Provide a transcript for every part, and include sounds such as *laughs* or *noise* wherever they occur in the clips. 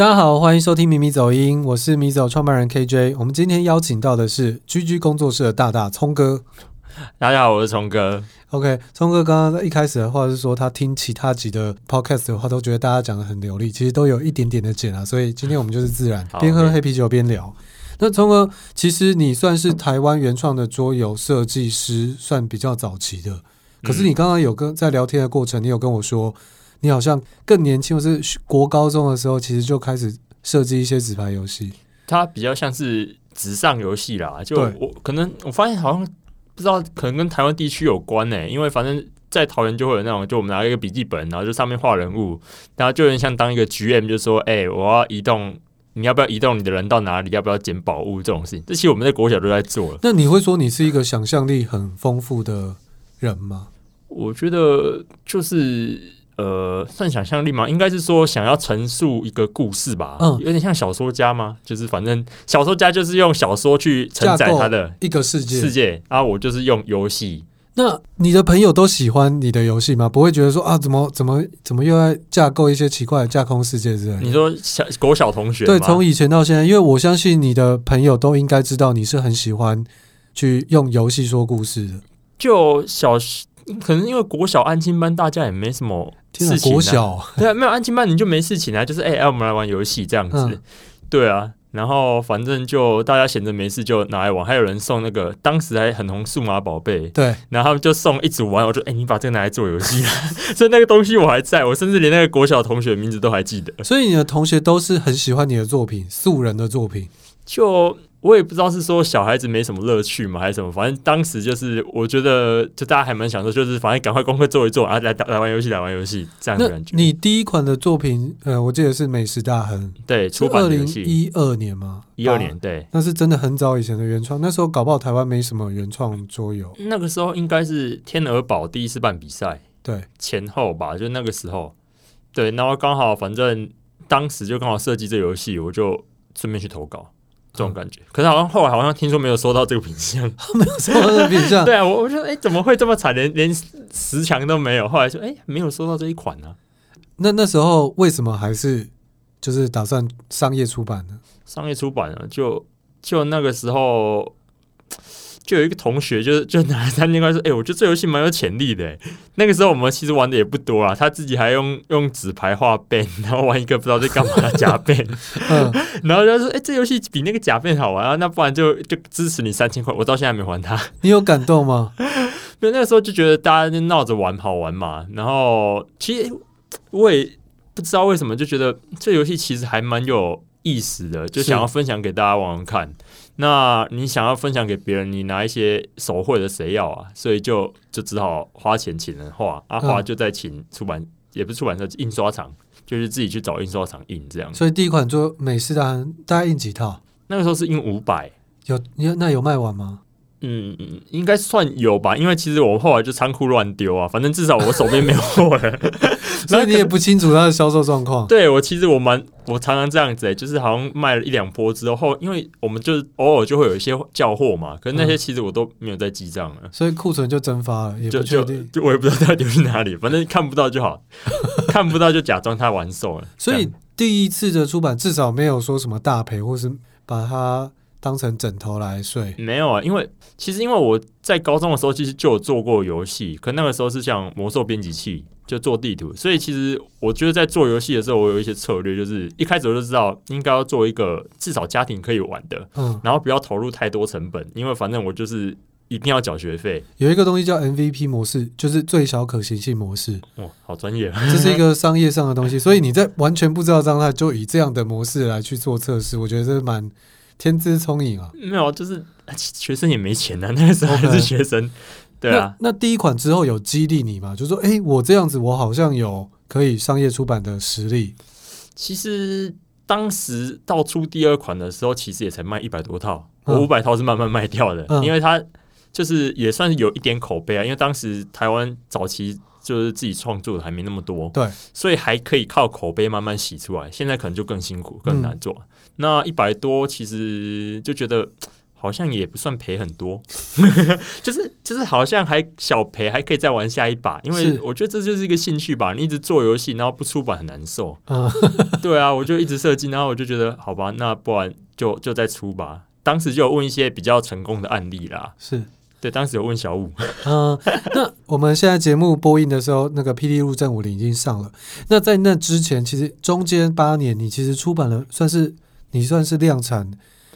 大家好，歡迎收聽迷迷走音，我是迷走創辦人 KJ。我們今天邀請到的是 GG 工作室的大大聰哥。大家好，我是聰哥。OK，聰哥剛剛一開始的話是說，他聽其他集的 Podcast 的話，都覺得大家講得很流利，其實都有一點點的剪啊。所以今天我們就是自然 *laughs* 好邊喝黑啤酒邊聊。Okay，那聰哥，其實你算是台灣原創的桌遊設計師，算比較早期的。可是你剛剛有跟、嗯、在聊天的過程，你有跟我說。你好像更年輕，或是國高中的時候，其實就開始設計一些紙牌遊戲，它比較像是紙上遊戲啦。就我可能我發現好像不知道，可能跟台灣地區有關呢、欸。因為反正在桃園就會有那種，就我們拿一個筆記本，然後就上面畫人物，然後就有點像當一個 GM，就說：“哎、欸，我要移動，你要不要移動你的人到哪裡？要不要撿寶物？”這種事情，這些我們在國小都在做了。那你會說你是一個想象力很豐富的人嗎？我覺得就是。呃，算想象力嗎？應該是說想要陳述一個故事吧，嗯，有點像小說家嗎？就是反正小說家就是用小說去承載他的一個世界，世界啊，我就是用遊戲。那你的朋友都喜歡你的遊戲嗎？不會覺得說啊，怎麼怎麼怎麼又要架構一些奇怪的架空世界之類？是你說小國小同學，對，從以前到現在，因為我相信你的朋友都應該知道你是很喜歡去用遊戲說故事的。就小，可能因為國小安親班，大家也沒什麼。國小事情啊，對啊，沒有安親班你就沒事情啊，就是哎，哎、欸啊，我們來玩遊戲這樣子，嗯、對啊，然後反正就大家閒着沒事就拿來玩，還有人送那個當時還很紅數碼寶貝，對，然後就送一組玩，我就哎、欸，你把這個拿來做遊戲，啊， *laughs* 所以那個東西我還在我，甚至連那個國小同學的名字都還記得。所以你的同學都是很喜歡你的作品，素人的作品就。我也不知道是說小孩子沒什麼樂趣嗎，還是什麼，反正當時就是我覺得就大家還蠻享受，就是反正趕快功課做一做啊，來打來玩遊戲，來玩遊戲。這樣感覺。那你第一款的作品，呃，我記得是《美食大亨》。對，初版的是二零一二年嗎？一二年。啊，對，那是真的很早以前的原創，那時候搞不好台灣沒什麼原創桌遊。那個時候應該是天鵝堡第一次辦比賽，對，前後吧，就那個時候，對，然後剛好反正當時就剛好設計這遊戲，我就順便去投稿。這種感覺，可是好像後來好像聽說沒有收到這個品項， *laughs* 沒有收到這個品項。 *laughs* 對啊，我我覺得哎、欸，怎麼會這麼慘，連連十強都沒有？後來就說哎、欸，沒有收到這一款呢、啊。那那時候為什麼還是就是打算商業出版呢？商業出版呢、啊，就就那個時候。就有一個同學就，就就拿了三千塊說：“哎、欸，我覺得這遊戲蠻有潛力的。”那個時候我們其實玩的也不多啊，他自己還用用紙牌畫背，然後玩一個不知道在幹嘛的假背。嗯，然後他說：“哎、欸，這遊戲比那個假背好玩啊！”那不然就就支持你三千塊，我到現在還沒還他。你有感動嗎？ *laughs* 沒有，那個時候就覺得大家就鬧着玩好玩嘛。然後其實我也不知道為什麼，就覺得這遊戲其實還蠻有意思的，就想要分享給大家玩玩看。那你想要分享給別人，你拿一些手繪的誰要啊？所以就就只好花錢請人畫。阿、啊、畫就在請出版，嗯、也不是出版社，印刷廠，就是自己去找印刷廠印這樣。所以第一款做美食大亨大概印幾套？那個時候是印五百，有那有賣完嗎？嗯，應該算有吧，因為其實我後來就倉庫亂丟啊，反正至少我手邊沒有貨了， *laughs* 所以你也不清楚它的銷售狀況。對，我其實我蠻，我常常這樣子、欸，就是好像賣了一兩波之後，因為我們就是偶爾就會有一些叫貨嘛，可是那些其實我都沒有在記賬了、嗯，所以庫存就蒸發了，也不確定就，就我也不知道它丟去哪裡，反正看不到就好， *laughs* 看不到就假裝它完售了。所以第一次的出版至少沒有說什麼大賠，或是把它。當成枕頭來睡？沒有啊，因為其實因為我在高中的時候其實就有做過遊戲，可那個時候是像魔獸編輯器就做地圖，所以其實我覺得在做遊戲的時候，我有一些策略，就是一開始我就知道應該要做一個至少家庭可以玩的，嗯，然後不要投入太多成本，因為反正我就是一定要繳學費。有一個東西叫 MVP 模式，就是最小可行性模式。哦，好專業，這是一個商業上的東西， *laughs* 所以你在完全不知道狀態就以這樣的模式來去做測試，我覺得這蠻。天資聰穎啊，沒有，就是學生也沒錢啊，那個時候還是學生，Okay. 對啊。那，那第一款之後有激勵你嗎？就說，誒、欸，我這樣子，我好像有可以商業出版的實力。其實當時到出第二款的時候，其實也才賣一百多套，我五百套是慢慢賣掉的，嗯、因為它就是也算是有一點口碑啊。因為當時台灣早期就是自己創作的還沒那麼多，對，所以還可以靠口碑慢慢洗出來。現在可能就更辛苦，更難做。嗯那一百多其實就覺得好像也不算賠很多， *laughs* 就是就是好像還小賠，還可以再玩下一把，因為我覺得這就是一個興趣吧。你一直做遊戲，然後不出版很難受。嗯、對啊，我就一直設計， *laughs* 然後我就覺得好吧，那不然就就再出吧。當時就有問一些比較成功的案例啦，是對，當時有問小五。嗯，那我們現在節目播音的時候，那個《霹靂入陣武林》已經上了。那在那之前，其實中間八年，你其實出版了算是。你算是量產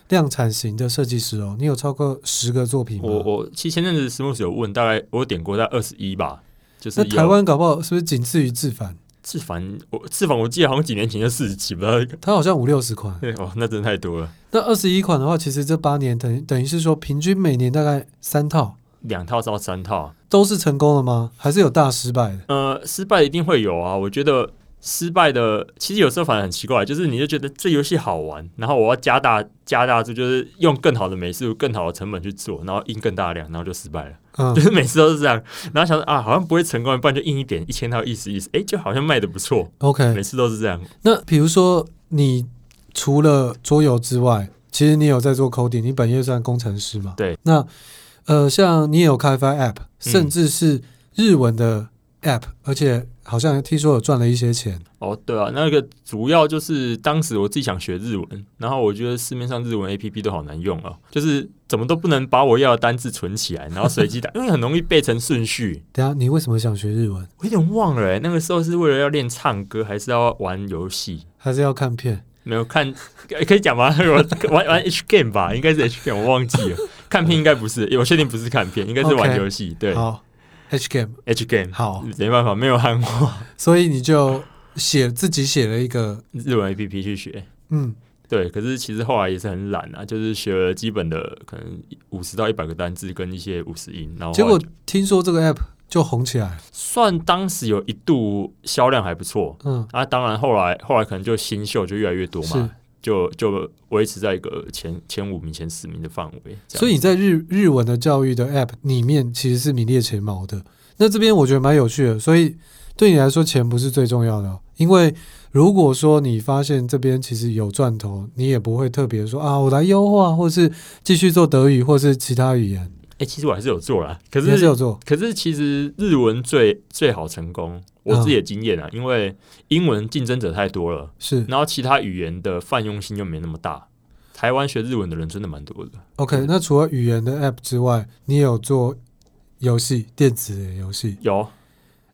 量產型的設計師哦，你有超過十個作品嗎？我我其實前陣子思慕斯有問，大概我點過在二十一吧。就是那台灣搞不好是不是僅次於志凡？志凡我志凡我記得好像幾年前就四十幾吧，他好像五六十款對。哦，那真的太多了。那二十一款的話，其實這八年等等於是說平均每年大概三套，兩套到三套，都是成功了嗎？還是有大失敗的？呃，失敗一定會有啊，我覺得。失敗的，其實有時候反而很奇怪，就是你就覺得這遊戲好玩，然後我要加大加大，這就是用更好的美術、更好的成本去做，然後印更大的量，然後就失敗了。嗯，就是每次都是這樣。然後想說啊，好像不會成功，不然就印一點一千套，意思意思，哎、欸，就好像賣得不錯。OK，每次都是這樣。那比如說，你除了桌遊之外，其實你有在做 coding，你本業算是在工程師嗎？對。那呃，像你也有開發 app，甚至是日文的 app，嗯，而且。好像聽說有賺了一些錢哦，對啊，那個主要就是當時我自己想學日文，然後我覺得市面上日文 A P P 都好難用哦，就是怎麼都不能把我要的單字存起來，然後隨機打， *laughs* 因為很容易背成順序。等一下，你為什麼想學日文？我有點忘了哎，那個時候是為了要練唱歌，還是要玩遊戲，還是要看片？沒有看，可以講嗎？ *laughs* 玩玩 H Game 吧，應該是 H Game，我忘記了。看片應該不是，欸、我確定不是看片，應該是玩遊戲。Okay, 對，H, cam, H game H 好，沒辦法，沒有漢化，所以你就寫 *laughs* 自己寫了一個日文 A P P 去學，嗯，對。可是其實後來也是很懶啊，就是學了基本的，可能五十到一百個單字跟一些五十音，然後，後結果聽說這個 A P P 就紅起來，算當時有一度銷量還不錯，嗯，啊，當然後來後來可能就新秀就越來越多嘛。就就維持在一個前前五名、前四名的範圍，所以你在日日文的教育的 App 裡面其實是名列前茅的。那這邊我覺得蠻有趣的，所以對你來說，錢不是最重要的，因為如果說你發現這邊其實有賺頭，你也不會特別說啊，我來優化，或是繼續做德語，或是其他語言。哎、欸，其實我還是有做啦，可是，是可是其實日文最最好成功，我自己的經驗啊，嗯、因為英文競爭者太多了，是，然後其他語言的泛用性又沒那麼大，台灣學日文的人真的蠻多的。OK，嗯、那除了語言的 App 之外，你有做遊戲，電子遊戲有，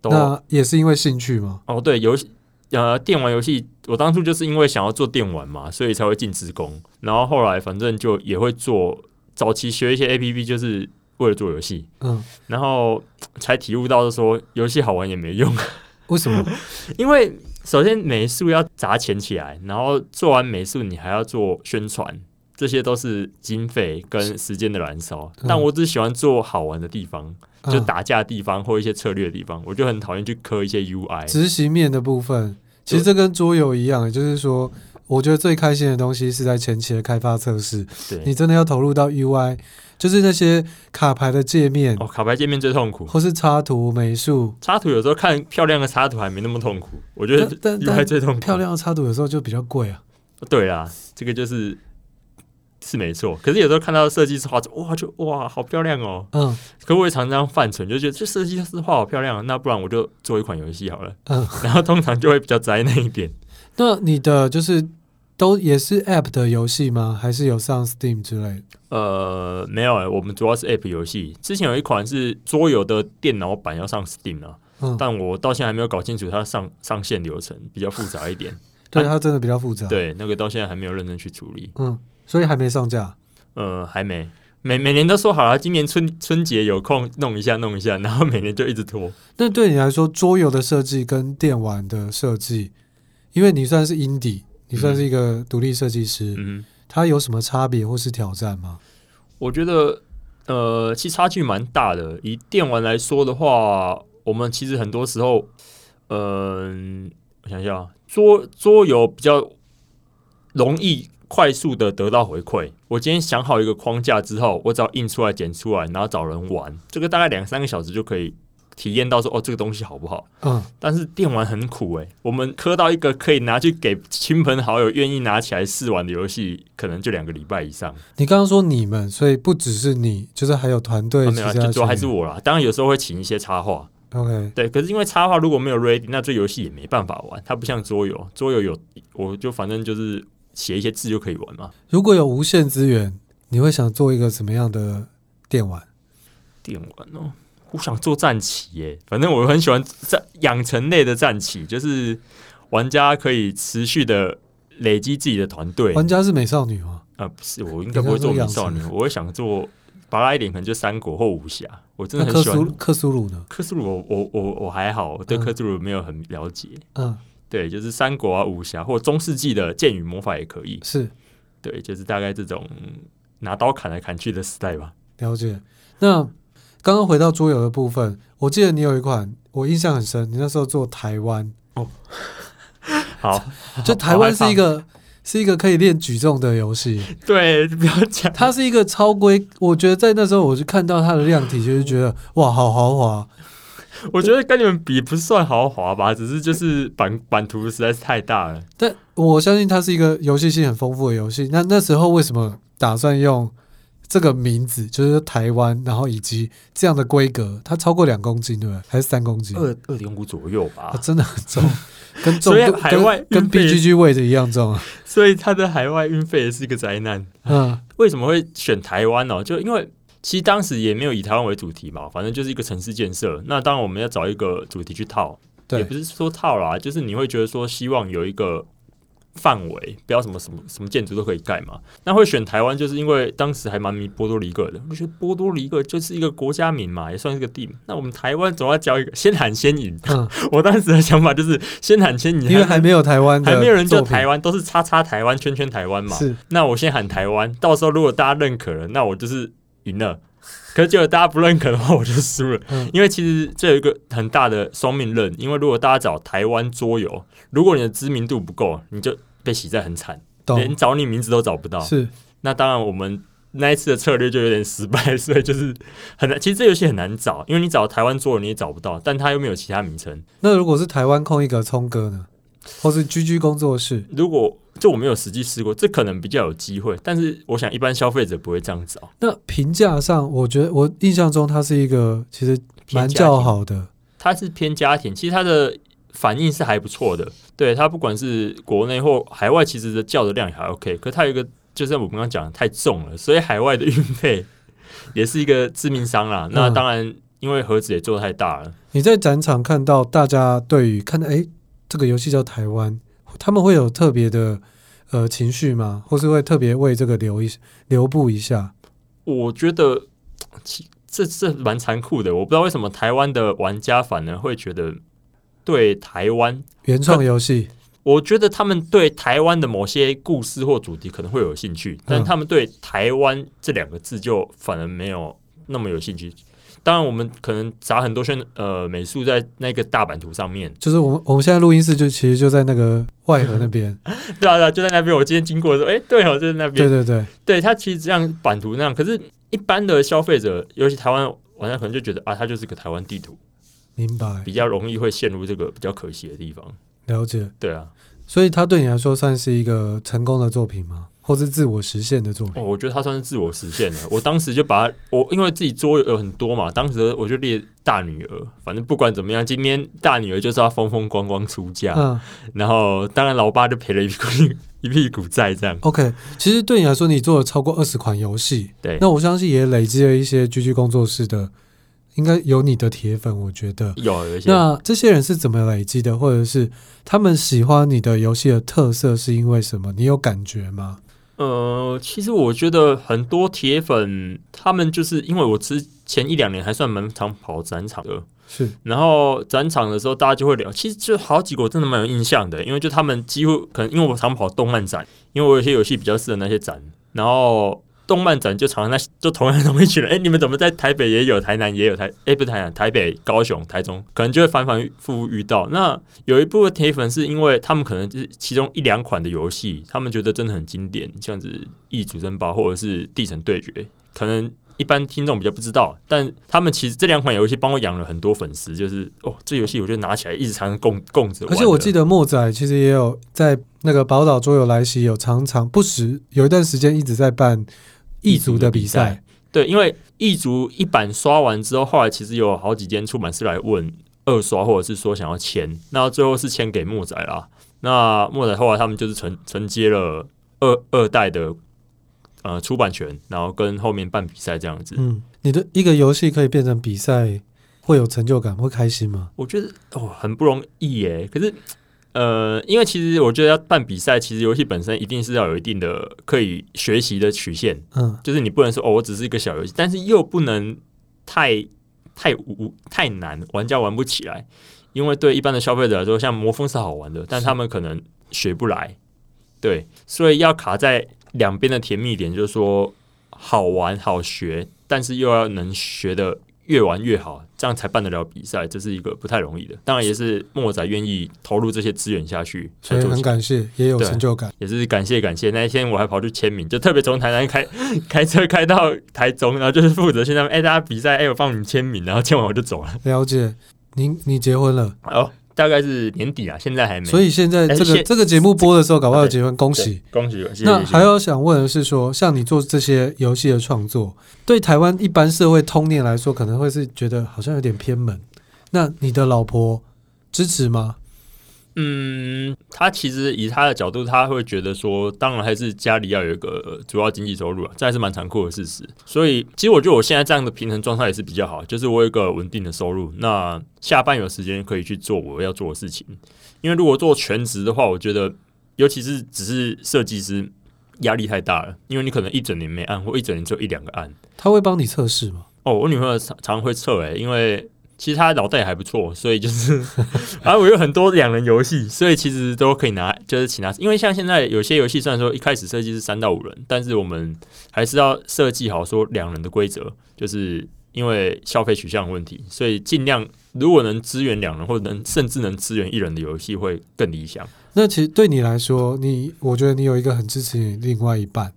那也是因為興趣嗎？哦，對，遊戲，呃，電玩遊戲，我當初就是因為想要做電玩嘛，所以才會進職工，然後後來反正就也會做。早期學一些 A P P 就是為了做遊戲，嗯，然後才體悟到就說遊戲好玩也沒用。為什麼？因為首先美術要砸錢起來，然後做完美術你還要做宣傳，這些都是經費跟時間的燃燒。嗯，但我只喜歡做好玩的地方，嗯，就打架的地方或一些策略的地方，我就很討厭去磕一些 U I 執行面的部分。其實這跟桌遊一樣，對就是說。我覺得最開心的東西是在前期的開發測試，對你真的要投入到 UI，就是那些卡牌的界面。哦，卡牌界面最痛苦，或是插圖美術。插圖有時候看漂亮的插圖還沒那麼痛苦，我覺得但但但 UI 最痛苦。漂亮的插圖有時候就比較貴啊。對啊，這個就是是沒錯。可是有時候看到設計師畫作，哇，就哇，好漂亮哦、喔。嗯，可是我也常常犯蠢，就覺得這設計師畫好漂亮，啊，那不然我就做一款遊戲好了。嗯，然後通常就會比較災難一點。 *laughs* 那你的就是。都也是 App 的遊戲嗎？還是有上 Steam 之類的？呃，沒有、欸，我們主要是 App 遊戲。之前有一款是桌遊的電腦版要上 Steam 了、啊，嗯、但我到現在還沒有搞清楚它上上線流程，比較複雜一點。 *laughs* 對，啊、它真的比較複雜。對，那個到現在還沒有認真去處理。嗯，所以還沒上架。呃，還沒。每每年都說好啊，今年春春節有空弄一下，弄一下，然後每年就一直拖。那對你來說，桌遊的設計跟電玩的設計，因為你算是 Indie。你算是一個獨立設計師，嗯，他有什麼差別或是挑戰嗎？我覺得，呃，其實差距蠻大的。以電玩來說的話，我們其實很多時候，嗯，呃，我想一下，桌桌遊比較容易快速的得到回饋。我今天想好一個框架之後，我只要印出來、剪出來，然後找人玩，這個大概兩三個小時就可以。體驗到說哦，這個東西好不好？嗯，但是電玩很苦哎、欸，我們磕到一個可以拿去給親朋好友願意拿起來試玩的遊戲，可能就兩個禮拜以上。你剛剛說你們，所以不只是你，就是還有團隊試試試、啊。沒有、啊，就主要還是我啦。當然有時候會請一些插畫。OK，對，可是因為插畫如果沒有 ready，那這遊戲也沒辦法玩。它不像桌遊，桌遊有，我就反正就是寫一些字就可以玩嘛。如果有無限資源，你會想做一個什麼樣的電玩？電玩哦。我想做戰棋耶，反正我很喜歡戰養成類的戰棋，就是玩家可以持續的累積自己的團隊。玩家是美少女嗎？啊、嗯，不是，我應該不會做美少女，我會想做，拔拉一點可能就三國或武俠。我真的很喜歡克蘇魯呢。克蘇魯，我我我我還好，我對克蘇魯沒有很了解。嗯，對，就是三國啊、武俠或中世紀的劍與魔法也可以。是，對，就是大概這種拿刀砍來砍去的時代吧。了解，那。剛剛回到桌遊的部分，我記得你有一款，我印象很深。你那時候做台灣哦，喔、 *laughs* 好，就台灣是一個是一個可以練舉重的遊戲，對，不要講，它是一個超規。我覺得在那時候，我就看到它的量體，就是覺得 *laughs* 哇，好豪華。我覺得跟你們比不算豪華吧，只是就是版版圖實在是太大了。但我相信它是一個遊戲性很豐富的遊戲。那那時候為什麼打算用？這個名字就是台灣，然後以及這樣的規格，它超過兩公斤對，還是三公斤？二二點五左右吧、啊，真的很重，跟重海外跟，跟 BGG 位置一樣重啊。所以它的海外運費也是一個災難啊！嗯、為什麼會選台灣呢、哦？就因為其實當時也沒有以台灣為主題嘛，反正就是一個城市建設。那當然我們要找一個主題去套，對也不是說套啦，就是你會覺得說希望有一個。範圍不要什麼什麼什麼建築都可以蓋嘛，那會選台灣就是因為當時還蠻迷波多黎各的，我覺得波多黎各就是一個國家名嘛，也算是個地名。那我們台灣總要叫一個，先喊先贏，嗯、我當時的想法就是先喊先贏，因為還沒有台灣，還沒有人叫台灣，都是叉叉台灣，圈圈台灣嘛。是，那我先喊台灣，到時候如果大家認可了，那我就是贏了。可是如果大家不認可的話，我就輸了。嗯、因為其實這有一個很大的雙面刃，因為如果大家找台灣桌遊，如果你的知名度不夠，你就被洗在很慘，懂連找你名字都找不到。是，那當然我們那一次的策略就有點失敗，所以就是很難。其實這遊戲很難找，因為你找台灣做的你也找不到，但它又沒有其他名稱。那如果是台灣空一格蔥哥呢，或是 GG 工作室？如果就我沒有實際試過，這可能比較有機會。但是我想，一般消費者不會這樣找。那評價上，我覺得我印象中它是一個其實蠻較好的，它是偏家庭，其實它的。反應是還不錯的，對，它不管是國內或海外，其實的叫的量也還 OK。可是它有一個，就是我們剛剛講的太重了，所以海外的運費也是一個致命傷啦。嗯、那當然，因為盒子也做得太大了。你在展場看到大家對於看到，哎、欸，這個遊戲叫台灣，他們會有特別的呃情緒嗎？或是會特別為這個留一留步一下？我覺得這這蠻殘酷的。我不知道為什麼台灣的玩家反而會覺得。對台灣原創遊戲，我覺得他們對台灣的某些故事或主題可能會有興趣，但他們對台灣這兩個字就反而沒有那麼有興趣。當然，我們可能砸很多圈、呃美術在那個大版圖上面，就是我們我們現在錄音室就其實就在那個外盒那邊、 *laughs* 啊，對啊對，就在那邊。我今天經過的時候，哎、欸，對哦，就在那邊。對對對，對它其實像版圖那樣，可是，一般的消費者，尤其台灣玩家，我可能就覺得啊，它就是個台灣地圖。明白，比較容易會陷入這個比較可惜的地方。了解，對啊，所以他對你來說算是一個成功的作品嗎？或是自我實現的作品？哦，我覺得他算是自我實現了。 *laughs* 我當時就把他，我因為自己作業有很多嘛，當時我就列大女兒，反正不管怎麼樣，今天大女兒就是要風風光光光出嫁。嗯，然後當然老爸就賠了一屁股一屁股債這樣。OK，其實對你來說，你做了超過二十款遊戲，對， *laughs* 那我相信也累積了一些 GG 工作室的。應該有你的鐵粉，我覺得有啊。有一些。那這些人是怎麼累積的，或者是他們喜歡你的遊戲的特色是因為什麼？你有感覺嗎？呃，其實我覺得很多鐵粉，他們就是因為我之前一兩年還算蠻常跑展場的。是，然後展場的時候大家就會聊，其實就好幾個我真的蠻有印象的，因為就他們幾乎可能因為我常跑動漫展，因為我有些遊戲比較適合那些展，然後。動漫展就常常，那就同樣那麼一群人，哎，你們怎麼在台北也有，台南也有台？哎、欸，不是台南，台北、高雄、台中，可能就會反反复覆遇到。那有一部分鐵粉是因為他們可能就是其中一兩款的遊戲，他們覺得真的很經典，像是《異族爭霸》或者是《地城對決》，可能一般聽眾比較不知道，但他們其實這兩款遊戲幫我養了很多粉絲，就是哦，這遊戲我就拿起來一直常常供供着。而且我記得莫仔其實也有在那個寶島桌遊來襲，有常常不時有一段時間一直在辦。異族的比賽，對，因為異族一版刷完之後，後來其實有好幾間出版社來問二刷，或者是說想要簽，那最後是簽給墨仔啦，那墨仔後來他們就是承承接了二二代的呃出版權，然後跟後面辦比賽這樣子。嗯，你的一個遊戲可以變成比賽，會有成就感，會開心嗎？我覺得哦，很不容易耶。可是。呃，因為其實我覺得要辦比賽，其實遊戲本身一定是要有一定的可以學習的曲線，嗯，就是你不能說哦，我只是一個小遊戲，但是又不能太太無太難，玩家，玩不起來。因為對一般的消費者來說，像魔方，是好玩的，但他們可能學不來，是對，所以要卡在兩邊的甜蜜點，就是說好玩好學，但是又要能學的。越玩越好，這樣才辦得了比賽，這是一個不太容易的。當然也是莫仔願意投入這些資源下去，所以很感謝，也有成就感，也是感謝感謝。那一天我還跑去簽名，就特別從台南開 *laughs* 開車開到台中，然後就是負責去那邊，哎，大家比賽，哎，我幫你簽名，然後簽完我就走了。了解，你你結婚了？哦。Oh. 大概是年底啊，現在還沒。所以現在這個、欸、這個節目播的時候，搞不好要結婚，恭喜、欸、恭喜！恭喜。那還要想問的是說，說像你做這些遊戲的創作，對台灣一般社會通念來說，可能會是覺得好像有點偏門。那你的老婆支持嗎？嗯，他其實以他的角度，他會覺得說，當然還是家裡要有一個、呃、主要經濟收入啊，這還是蠻殘酷的事實。所以，其實我覺得我現在這樣的平衡狀態也是比較好，就是我有一個穩定的收入，那下班有時間可以去做我要做的事情。因為如果做全職的話，我覺得尤其是只是設計師，壓力太大了，因為你可能一整年沒案，或一整年就一兩個案，他會幫你測試嗎？哦，我女朋友常常會測誒，因為。其實他腦袋也還不錯，所以就是，反正、 *laughs* 啊、我有很多兩人遊戲，所以其實都可以拿，就是其他。因為像現在有些遊戲，雖然說一開始設計是三到五人，但是我們還是要設計好說兩人的規則，就是因為消費取向的問題，所以盡量如果能支援兩人，或者能甚至能支援一人的遊戲會更理想。那其實對你來說，你我覺得你有一個很支持你另外一半，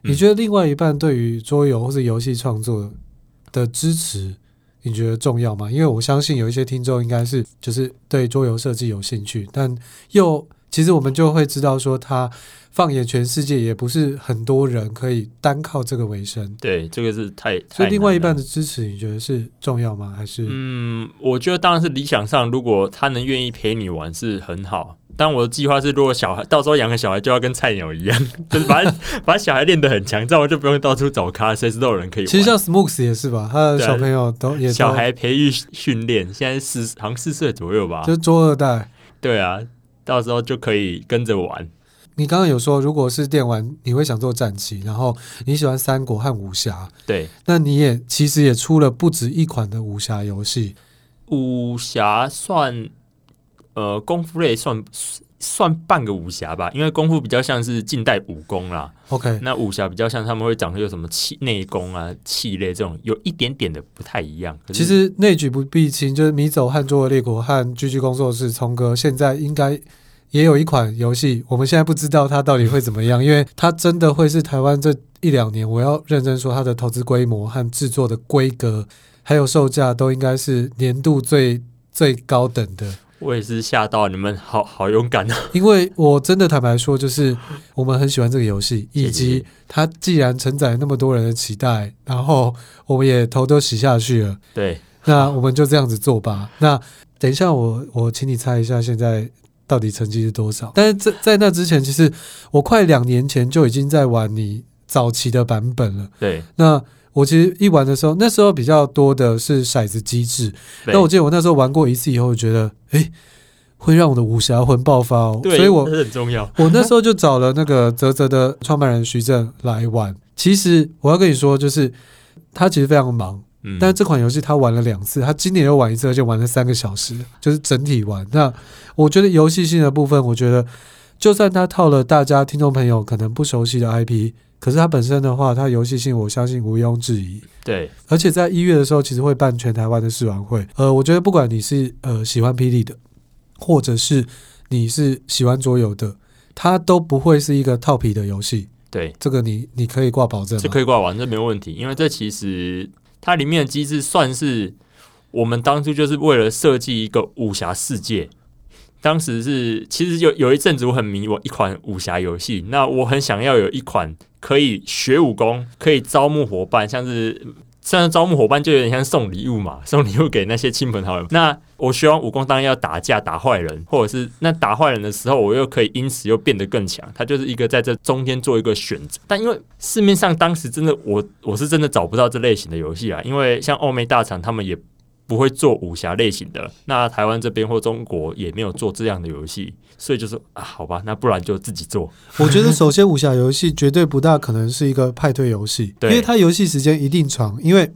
你覺得另外一半對於桌遊或是遊戲創作的支持？嗯你覺得重要嗎？因為我相信有一些聽眾應該是就是對桌遊設計有興趣，但又其實我們就會知道說，他放眼全世界也不是很多人可以單靠這個維生。對，這個是太、太難了。所以另外一半的支持，你覺得是重要嗎？還是嗯，我覺得當然是理想上，如果他能願意陪你玩是很好。但我的計劃是，如果小孩到時候養個小孩，就要跟菜鳥一樣，就是把 *laughs* 把小孩練得很強，這樣我就不用到處找咖，隨時都有人可以玩。其實像 Smokes 也是吧，他的小朋友都，啊、也都。小孩培育訓練，現在四好像四歲左右吧，就做二代。對啊，到時候就可以跟着玩。你剛剛有說，如果是電玩，你會想做戰棋，然後你喜歡三國和武俠，對，那你也其實也出了不止一款的武俠遊戲，武俠算。呃，功夫類算算半個武俠吧，因為功夫比較像是近代武功啦。OK，那武俠比較像他們會講究什麼氣內功啊、氣類這種，有一點點的不太一樣。其實內舉不避親，就是迷走和桌遊列國和 GG 工作室蔥哥現在應該也有一款遊戲，我們現在不知道它到底會怎麼樣，因為它真的會是台灣這一兩年我要認真說它的投資規模和制作的規格還有售價都應該是年度最最高等的。我也是嚇到你們好，好好勇敢啊！因為我真的坦白說，就是我們很喜歡這個遊戲，以及它既然承載了那麼多人的期待，然後我們也頭都洗下去了。對，那我們就這樣子做吧。那等一下我，我我請你猜一下現在到底成績是多少？但是在，在在那之前，其實我快兩年前就已經在玩你早期的版本了。對，那。我其實一玩的時候，那時候比較多的是骰子機制。那對我記得我那時候玩過一次以後，我覺得哎，會讓我的武俠魂爆發，哦。對所以我這是很重要。 *laughs* 我那時候就找了那個澤澤的創辦人徐正來玩。其實我要跟你說，就是他其實非常忙，嗯、但是這款遊戲他玩了兩次，他今年又玩一次，而且玩了三個小時，就是整體玩。那我覺得遊戲性的部分，我覺得就算他套了大家聽眾朋友可能不熟悉的 IP。可是它本身的話，它遊戲性我相信毋庸置疑。對，而且在一月的時候，其實會辦全台灣的試玩會。呃，我覺得不管你是呃喜歡霹靂的，或者是你是喜歡桌遊的，它都不會是一個套皮的遊戲。對，這個你你可以掛保證，這可以掛完，這沒問題。因為這其實它裡面的機制算是我們當初就是為了設計一個武俠世界。當時是，其實有有一陣子我很迷我一款武俠遊戲，那我很想要有一款可以學武功，可以招募夥伴，像是，雖然招募夥伴就有點像送禮物嘛，送禮物給那些親朋好友。那我學完武功，當然要打架打壞人，或者是那打壞人的時候，我又可以因此又變得更強。它就是一個在這中間做一個選擇。但因為市面上當時真的我，我我是真的找不到這類型的遊戲啊，因為像歐美大廠他們也。不會做武俠類型的，那台灣這邊或中國也沒有做這樣的遊戲，所以就是啊，好吧，那不然就自己做。 *laughs* 我覺得首先武俠遊戲絕對不大可能是一個派對遊戲，對，因為它遊戲時間一定長，因為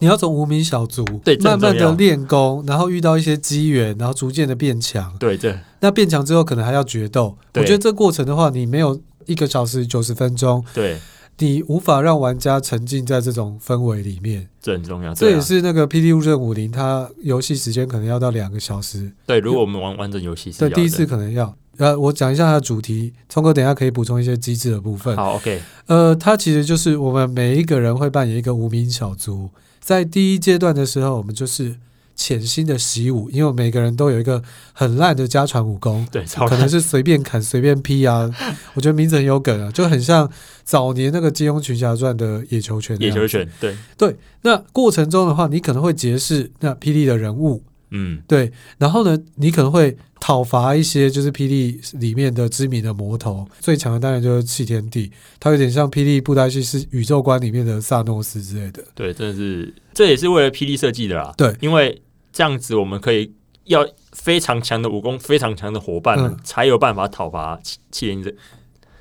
你要從無名小卒對慢慢的練功，然後遇到一些機緣，然後逐漸的變強，對對，那變強之後可能還要決鬥。對我覺得這過程的話，你沒有一個小時九十分鐘，對。你無法讓玩家沉浸在這種氛圍裡面，這很重要。啊、這也是那個《霹靂：入陣武林》它遊戲時間可能要到兩個小時。對，如果我們玩完整遊戲，對，第一次可能要。呃、啊，我講一下它的主題，蔥哥等一下可以補充一些機制的部分。好，OK。呃，它其實就是我們每一個人會扮演一個無名小卒，在第一階段的時候，我們就是。潛心的習武，因為每個人都有一個很爛的家傳武功，對，可能是隨便砍隨便劈啊。 *laughs* 我覺得名字很有梗啊，就很像早年那個《金庸群俠傳》的野球拳。野球拳，對對。那過程中的話，你可能會結識那霹靂的人物，嗯，對。然後呢，你可能會討伐一些就是霹靂裡面的知名的魔頭，最強的當然就是棄天帝，他有點像霹靂布袋戲是宇宙觀裡面的薩諾斯之類的。對，真的是，這也是為了霹靂設計的啦。對，因為。這樣子我們可以要非常強的武功，非常強的夥伴，嗯、才有辦法討伐七七人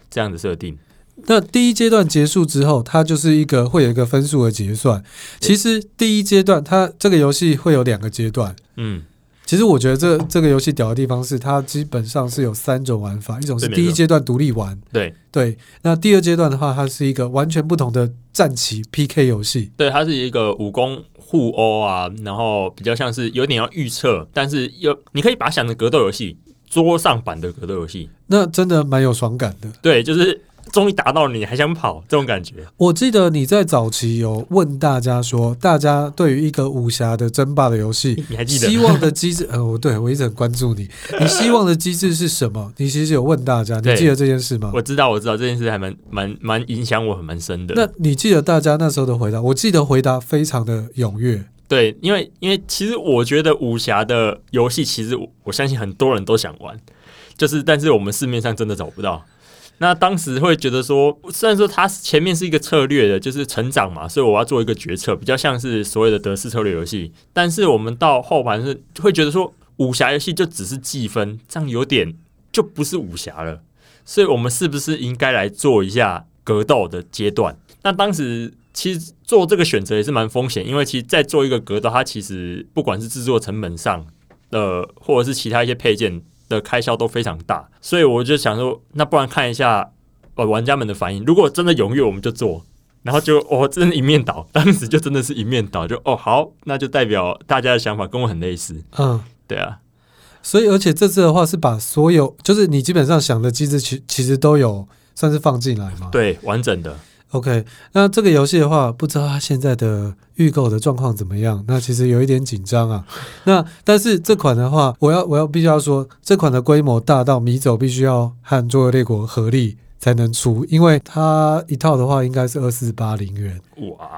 這樣的設定，那第一階段結束之後，它就是一個會有一個分數的結算。其實第一階段，它這個遊戲會有兩個階段、欸，嗯。其實我覺得這這個遊戲屌的地方是，它基本上是有三種玩法，一種是第一階段獨立玩，對對，對。那第二階段的話，它是一個完全不同的戰棋 PK 遊戲，對，它是一個武功互毆啊，然後比較像是有點要預測，但是又你可以把它想成格鬥遊戲，桌上版的格鬥遊戲，那真的蠻有爽感的，對，就是。終於打到了你，還想跑，這種感覺。我記得你在早期有問大家說，大家對於一個武俠的爭霸的遊戲，你還記得嗎？希望的機制？呃、 *laughs* 哦，我對我一直很關注你，你希望的機制是什麼？ *laughs* 你其實有問大家，你記得這件事嗎？我知道，我知道這件事還蠻蠻蠻，蠻影響我很蠻深的。那你記得大家那時候的回答？我記得回答非常的踴躍。對，因為因為其實我覺得武俠的遊戲，其實我，我相信很多人都想玩，就是但是我們市面上真的找不到。那當時會覺得說，雖然說它前面是一個策略的，就是成長嘛，所以我要做一個決策，比較像是所謂的德式策略遊戲。但是我們到後盤是會覺得說，武俠遊戲就只是計分，這樣有點就不是武俠了。所以，我們是不是應該來做一下格鬥的階段？那當時其實做這個選擇也是蠻風險，因為其實在做一個格鬥，它其實不管是製作成本上，呃，或者是其他一些配件。的開銷都非常大，所以我就想說，那不然看一下，呃、玩家們的反應。如果真的踴躍，我們就做。然後就哦，真的，一面倒。當時就真的是一面倒，就哦，好，那就代表大家的想法跟我很類似。嗯，對啊。所以，而且這次的話是把所有，就是你基本上想的機制其，其其實都有算是放進來嘛？對，完整的。OK，那這個遊戲的話，不知道它現在的預購的狀況怎麼樣？那其實有一點緊張啊。那但是這款的話，我要我要必須要說，這款的規模大到迷走必須要和《桌遊列國》合力才能出，因為它一套的話應該是二四八零元。哇！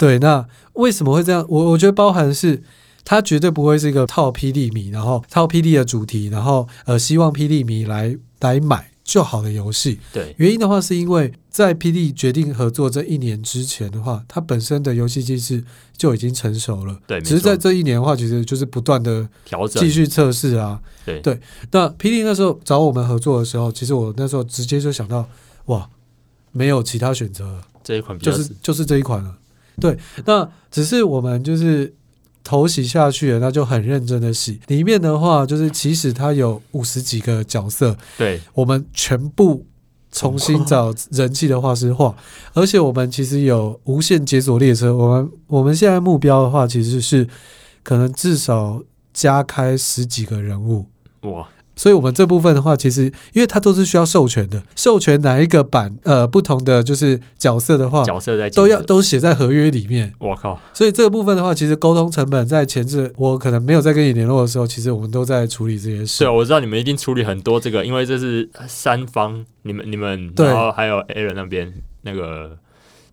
對，那為什麼會這樣？我我覺得包含的是它絕對不會是一個套霹靂迷，然後套霹靂的主題，然後呃希望霹靂迷來來買。就好的遊戲，對。原因的話，是因為在霹靂決定合作這一年之前的話，它本身的遊戲機制就已經成熟了，對。只是在這一年的話，其實就是不斷的調整、繼續測試啊。對，那霹靂那時候找我們合作的時候，其實我那時候直接就想到，哇，沒有其他選擇了，這一款就是就是這一款了。對，那只是我們就是。頭洗下去，那就很認真的洗。裡面的話，就是其實它有五十幾個角色，對，我們全部重新找人氣的畫師畫，而且我們其實有無限解鎖列車。我們我們現在目標的話，其實是可能至少加開十幾個人物。哇！所以我們這部分的話，其實因為它都是需要授權的，授權哪一個版，呃，不同的就是角色的話，角色在都要都寫在合約裡面。我靠！所以這個部分的話，其實溝通成本在前置。我可能沒有在跟你聯絡的時候，其實我們都在處理這件事。對，我知道你們一定處理很多這個，因為這是三方，你們你們，對然後還有 Aaron 那邊那個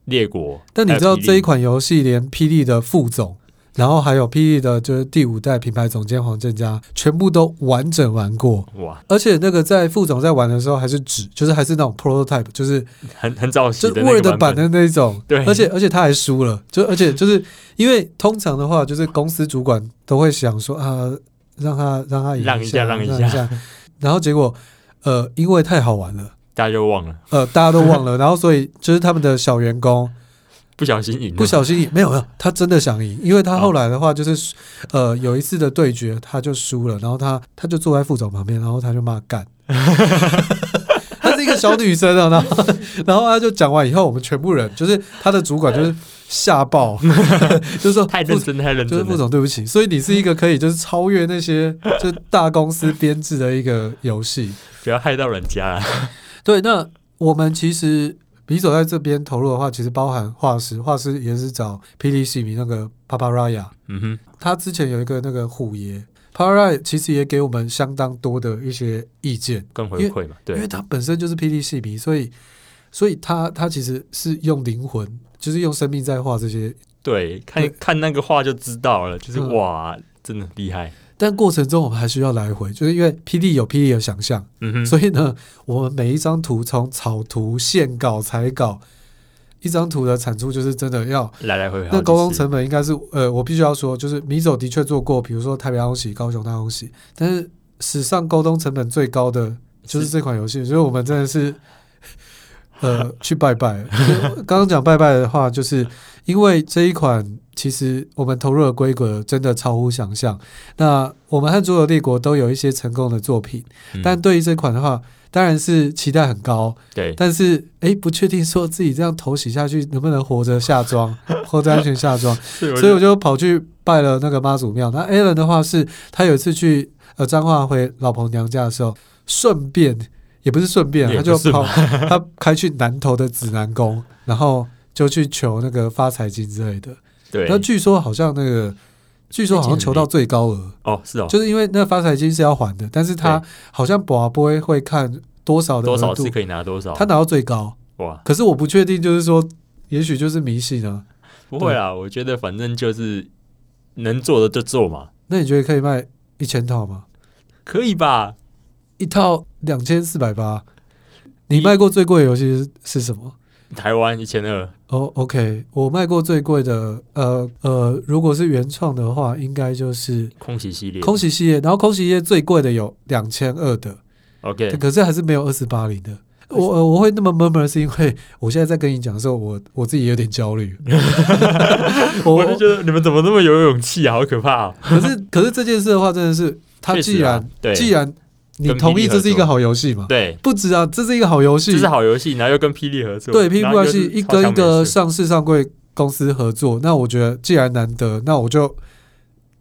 列國。但你知道這一款遊戲連霹靂的副總。然後還有 PE 的就是第五代品牌總監黃正佳，全部都完整玩過哇！而且那個在副總在玩的時候還是紙，就是還是那種 prototype，就是很很早就的 Word 版的那種。對，而且而且他還輸了，就而且就是因為通常的話，就是公司主管都會想說 *laughs* 啊，讓他讓他讓一下讓一下，一下一下然後結果呃，因為太好玩了，大家都忘了，呃，大家都忘了， *laughs* 然後所以就是他們的小員工，不小心贏，不小心贏，沒有沒有，他真的想贏，因為他後來的話就是，哦、呃，有一次的對決他就輸了，然後他他就坐在副總旁邊，然後他就罵幹， *laughs* *laughs* 他是一個小女生啊，然後然後他就講完以後，我們全部人就是他的主管就是嚇爆， *laughs* *laughs* 就是說太認真太認真，認真就是副總對不起，所以你是一個可以就是超越那些就大公司編制的一個遊戲， *laughs* 不要害到人家。對，那我們其實。迷走在這邊投入的話，其實包含畫師，畫師也是找霹靂戲迷那個 Paparaya，嗯哼，他之前有一個那個虎爺，Paparaya，其實也給我們相當多的一些意見跟回饋嘛，為對，因為他本身就是霹靂戲迷，所以，所以他他其實是用靈魂，就是用生命在畫這些，對，看對看那個畫就知道了，就是、嗯、哇，真的厲害。但過程中我們還需要來回，就是因為霹靂有霹靂的想像，嗯哼，所以呢，我們每一張圖從草圖、線稿、彩稿，一張圖的產出就是真的要來來回回。那溝通成本應該是，呃，我必須要說，就是迷走的確做過，比如說太平洋遊戲、高雄大東西，但是史上溝通成本最高的就是這款遊戲，是所以我們真的是。呃，去拜拜。剛剛講拜拜的話，就是因為這一款其實我們投入的規格真的超乎想象。那我們和桌遊列國都有一些成功的作品，嗯、但對於這款的話，當然是期待很高。對，但是誒、欸，不確定說自己這樣頭洗下去能不能活着下莊？ *laughs* 活着安全下莊。 *laughs* 是所以我就跑去拜了那個媽祖廟。那 Alan 的話是，他有一次去呃彰化，回老婆娘家的時候，順便。也不是順便，他就跑，他開去南投的紫南宮，然後就去求那個發財金之類的。對，那據說好像那個，據說好像求到最高額哦，是哦，就是因為那個發財金是要還的，但是他好像寶不會會看多少的多少度，多少是可以拿多少，他拿到最高哇。可是我不確定，就是說，也許就是迷信呢。不會啊，我覺得反正就是能做的就做嘛。那你覺得可以賣一千套嗎？可以吧。一套兩千四百八，你賣過最貴的遊戲是什麼？台灣一千二。哦、oh，OK，我賣過最貴的，呃呃，如果是原創的話，應該就是《空襲系列》。《空襲系列》，然後《空襲系列》最貴的有兩千二的，OK。可是還是沒有二四八零的。我我會那麼悶悶，是因為我現在在跟你講的時候我，我我自己有點焦慮。 *laughs* *laughs* 我，我就覺得你們怎麼那麼有勇氣，好可怕、啊！ *laughs* 可是可是這件事的話，真的是他既然、啊、既然。你同意這是一個好遊戲嗎？對，不止啊，這是一個好遊戲，這是好遊戲，然後又跟霹靂合作，對，霹靂遊戲是一個一個上市上櫃公司合作，那我覺得既然難得，那我就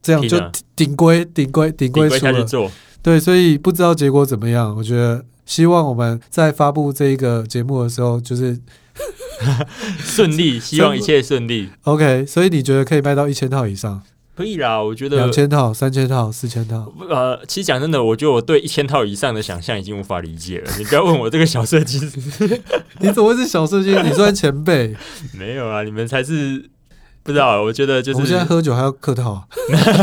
這樣就頂規頂規頂規開始做，對，所以不知道結果怎麼樣，我覺得希望我們在發布這一個節目的時候就是順 *laughs* *laughs* 利，希望一切順利。OK，所以你覺得可以賣到一千套以上？可以啦，我覺得兩千套、三千套、四千套，呃，其實講真的，我覺得我對一千套以上的想象已經無法理解了。你不要問我這個小設計， *laughs* 你怎麼會是小設計？你算前輩？ *laughs* 沒有啊，你們才是不知道啊。我覺得就是我們現在喝酒還要客套，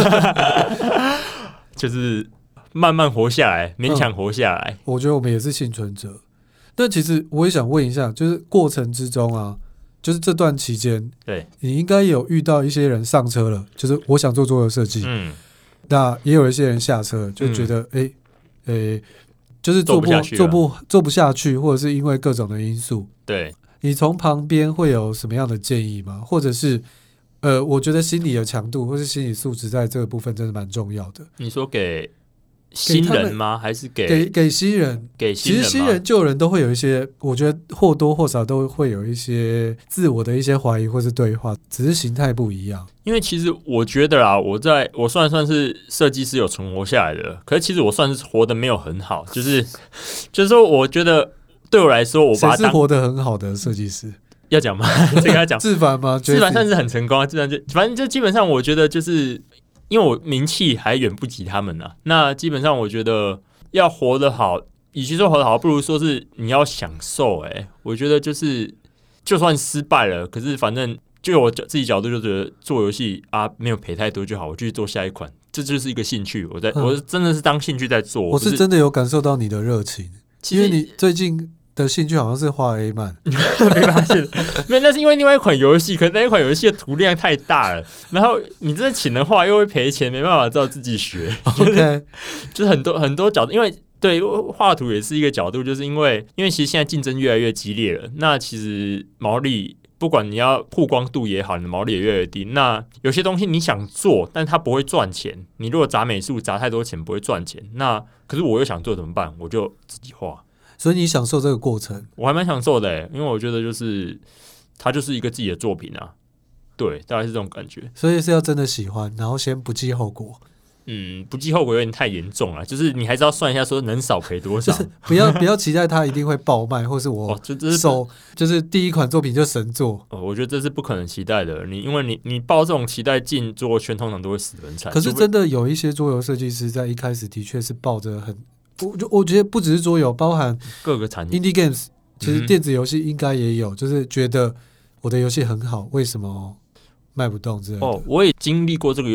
*laughs* *laughs* 就是慢慢活下來，勉強活下來。嗯。我覺得我們也是幸存者，但其實我也想問一下，就是過程之中啊。就是這段期間，對，你應該有遇到一些人上車了，就是我想做桌遊設計，嗯，那也有一些人下車就覺得，哎、嗯，誒、欸欸，就是做不做不做不，不，不下去，或者是因為各種的因素，對，你從旁邊會有什麼樣的建議嗎？或者是，呃，我覺得心理的強度或是心理素質在這個部分真的蠻重要的。你說給。新人嗎？給還是給給給新人？給新人其實新人舊嗎人都會有一些，我覺得或多或少都會有一些自我的一些懷疑或是對話，只是形態不一樣。因為其實我覺得啊，我在我算算是設計師有存活下來的，可是其實我算是活得沒有很好，就是 *laughs* 就是說，我覺得對我來說我爸，我把活得很好的設計師要講講嗎？ *laughs* 這個要講自凡嗎？自凡算是很成功啊，自凡就反正就基本上，我覺得就是。因為我名氣還遠不及他們呢、啊，那基本上我覺得要活得好，與其說活得好，不如說是你要享受、欸。誒，我覺得就是，就算失敗了，可是反正就我自己角度就覺得做遊戲啊，沒有賠太多就好，我繼續做下一款，這就是一個興趣。我在，嗯、我真的是當興趣在做，我是，我是真的有感受到你的熱情。其實你最近。的興趣好像是畫 A 漫， *laughs* 沒關係，沒，那是因為另外一款遊戲， *laughs* 可是那一款遊戲的圖量太大了，然後你真的請人畫又會賠錢，沒辦法，照自己學，就是 Okay. *laughs* 就是很多很多角度，因為對畫圖也是一個角度，就是因為因為其實現在競爭越來越激烈了，那其實毛利不管你要曝光度也好，你的毛利也越來越低，那有些東西你想做，但它不會賺錢，你如果砸美術砸太多錢不會賺錢，那可是我又想做怎麼辦？我就自己畫。所以你享受這個過程？我還蠻享受的，欸、因為我覺得就是它就是一個自己的作品啊，對，大概是這種感覺。所以是要真的喜歡，然後先不計後果。嗯，不計後果有點太嚴重了，啊，就是你還是要算一下，說能少賠多少。 *laughs* 就是不要不要期待它一定會爆賣， *laughs* 或是我，哦，這只手就是第一款作品就神作。哦。我覺得這是不可能期待的，你因為你你抱這種期待進桌圈通常都會死得很慘。可是真的有一些桌遊設計師在一開始的確是抱着很。我就我覺得不只是桌遊，包含各個產業，indie games，其實電子遊戲應該也有。嗯、哼就是覺得我的遊戲很好，為什麼賣不動之類的，這樣哦，我也經歷過這個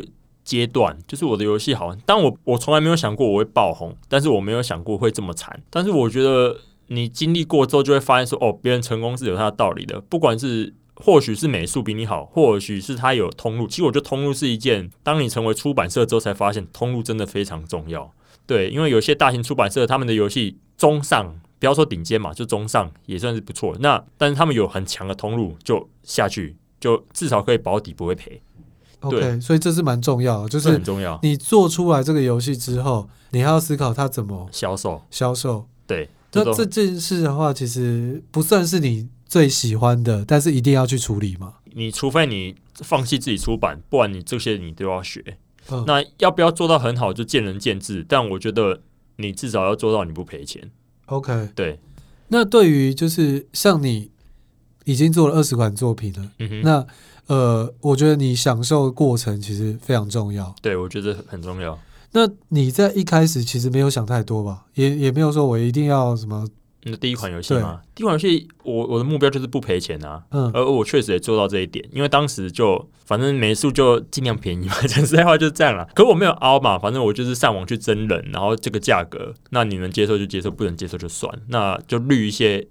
階段，就是我的遊戲好，但我我從來沒有想過我會爆紅，但是我沒有想過會這麼慘。但是我覺得你經歷過之後，就會發現說，哦，別人成功是有他的道理的。不管是或許是美術比你好，或許是他有通路。其實我覺得通路是一件，當你成為出版社之後，才發現通路真的非常重要。對，因為有些大型出版社他們的遊戲中上，不要說頂尖嘛，就中上也算是不錯。那但是他們有很強的通路，就下去就至少可以保底不會賠。對，OK，所以這是蠻重要的，就是很重要。你做出來這個遊戲之後，你還要思考它怎麼銷售？銷售，銷售對。就是、那這件事的話，其實不算是你最喜歡的，但是一定要去處理嘛。你除非你放棄自己出版，不然你這些你都要學。Oh. 那要不要做到很好，就見仁見智。但我覺得你至少要做到你不賠錢。OK，對。那對於就是像你已經做了二十款作品了，mm hmm. 那呃，我覺得你享受過程其實非常重要。對，我覺得很重要。那你在一開始其實沒有想太多吧？也也沒有說我一定要什麼。那第一款遊戲嘛，對第一款遊戲，我我的目標就是不賠錢啊，嗯、而我確實也做到這一點，因為當時就反正美術就儘量便宜嘛，講實在話就是這樣了、啊。可我沒有凹嘛，反正我就是上網去徵人，然後這個價格，那你能接受就接受，不能接受就算，那就濾一些，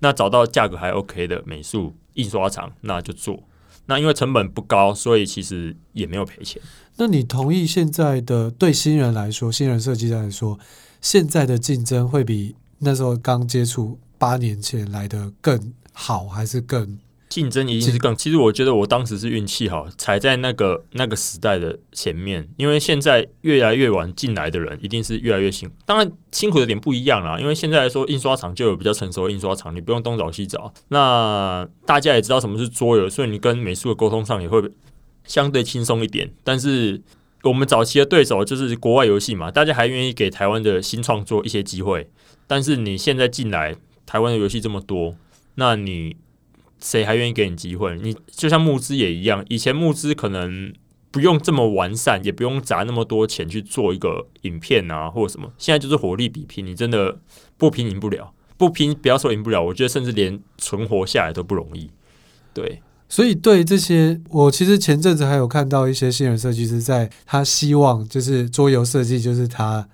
那找到價格還 OK 的美術印刷廠，那就做。那因為成本不高，所以其實也沒有賠錢。那你同意現在的對新人來說，新人設計師來說，現在的競爭會比？那時候剛接觸，八年前來的更好還是更競爭一定是更。其實我覺得我當時是運氣好，踩在那個那個時代的前面，因為現在越來越晚進來的人一定是越來越辛苦。當然辛苦的點不一樣啦，因為現在來說印刷廠就有比較成熟的印刷廠，你不用東找西找。那大家也知道什麼是桌遊，所以你跟美術的溝通上也會相對輕鬆一點，但是。我們早期的對手就是國外遊戲嘛，大家還願意給台灣的新創作一些機會。但是你現在進來，台灣的遊戲這麼多，那你誰還願意給你機會？你就像募資也一樣，以前募資可能不用這麼完善，也不用砸那麼多錢去做一個影片啊或者什麼。現在就是火力比拼，你真的不拼贏不了，不拼不要說贏不了，我覺得甚至連存活下來都不容易。對。所以對於這些，我其實前陣子還有看到一些新人設計師，在他希望就是桌遊設計，就是他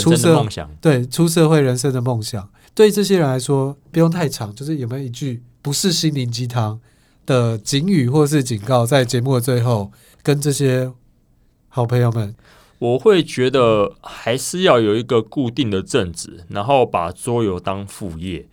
出社會人生的夢想，對，出社會人生的夢想。對於這些人來說，不用太長，就是有沒有一句不是心靈雞湯的警語或是警告，在節目的最後跟這些好朋友們。我會覺得還是要有一個固定的正職，然後把桌遊當副業。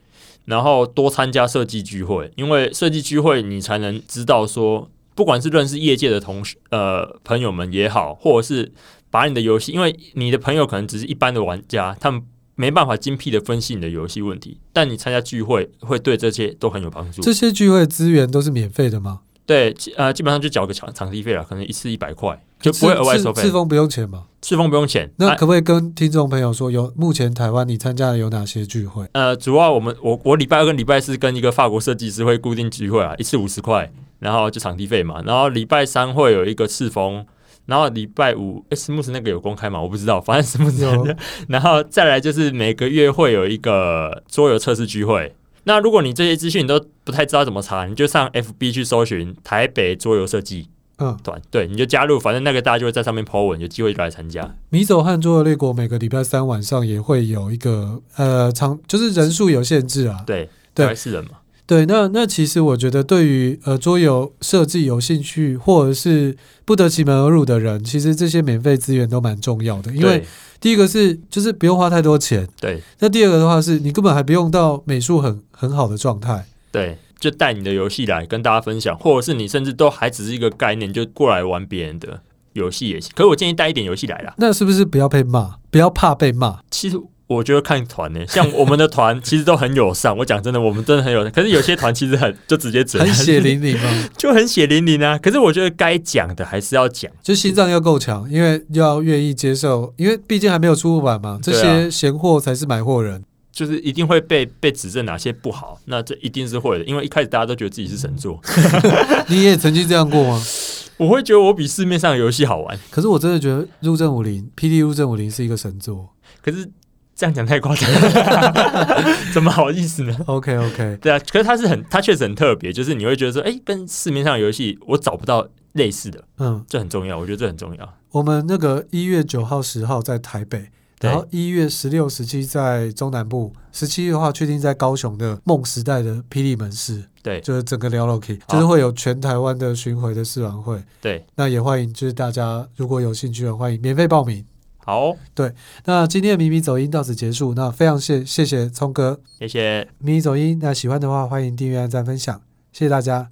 然後多參加設計聚會，因為設計聚會你才能知道說，不管是認識業界的同學、呃朋友們也好，或者是把你的遊戲，因為你的朋友可能只是一般的玩家，他們沒辦法精闢的分析你的遊戲問題。但你參加聚會，會對這些都很有幫助。這些聚會資源都是免費的嗎？對，呃，基本上就繳個場場地費了，可能一次一百塊，是就不會額外收費。赤峰不用錢嗎？赤峰不用錢。那可不可以跟聽眾朋友說，啊、有目前台灣你參加的有哪些聚會？呃，主要我們我我禮拜二跟禮拜四跟一個法國設計師會固定聚會啊，一次五十塊，然後就場地費嘛。然後禮拜三會有一個赤峰，然後禮拜五欸，Smosh 那個有公開嗎？我不知道，反正、那個、Smosh 有。然後再來就是每個月會有一個桌遊測試聚會。那如果你這些資訊你都不太知道怎麼查，你就上 FB 去搜尋台北桌遊設計，嗯，對，你就加入，反正那個大家就會在上面 po 文，有機會就來參加。迷走和桌遊列國每個禮拜三晚上也會有一個呃場，就是人數有限制啊，對對，對是人嘛，對。那那其實我覺得對於呃桌遊設計有興趣或者是不得其門而入的人，其實這些免費資源都蠻重要的，因為。第一個是，就是不用花太多錢。對，那第二個的話是，是你根本還不用到美術很很好的狀態。對，就帶你的遊戲來跟大家分享，或者是你甚至都還只是一個概念，就過來玩別人的遊戲也行。可是我建議帶一點遊戲來啦。那是不是不要被罵？不要怕被罵。其實。我覺得看團呢、欸，像我們的團其實都很友善。 *laughs* 我講真的，我們真的很友善。可是有些團其實很 *laughs* 就直接指很血淋淋啊， *laughs* 就很血淋淋啊！可是我覺得該講的還是要講，就是心臟要夠強，因為要願意接受，因為畢竟還沒有出版嘛。這些閒貨才是買貨人、啊，就是一定會被被指正哪些不好。那這一定是會的，因為一開始大家都覺得自己是神作。 *laughs* *laughs* 你也曾經這樣過嗎？ *laughs* 我會覺得我比市面上遊戲好玩。可是我真的覺得入陣武林，PD 入陣武林是一個神作。可是。這樣講太誇張了， *laughs* *laughs* 怎麼好意思呢？OK OK，對啊，可是它是很，它確實很特別，就是你會覺得說，哎，跟市面上遊戲我找不到類似的，嗯，這很重要，我覺得這很重要。我們那個一月九號、十號在台北，對然後一月十六、十七在中南部，十七的話確定在高雄的夢時代的霹靂門市，對，就是整個 l o l o 就是會有全台灣的巡迴的試玩會，對，那也歡迎，就是大家如果有興趣的話，歡迎免費報名。好，哦，對，那今天的迷迷走音到此結束，那非常謝謝謝蔥哥，謝謝，謝，謝迷迷走音，那喜歡的話歡迎訂閱、按讚、分享，謝謝大家。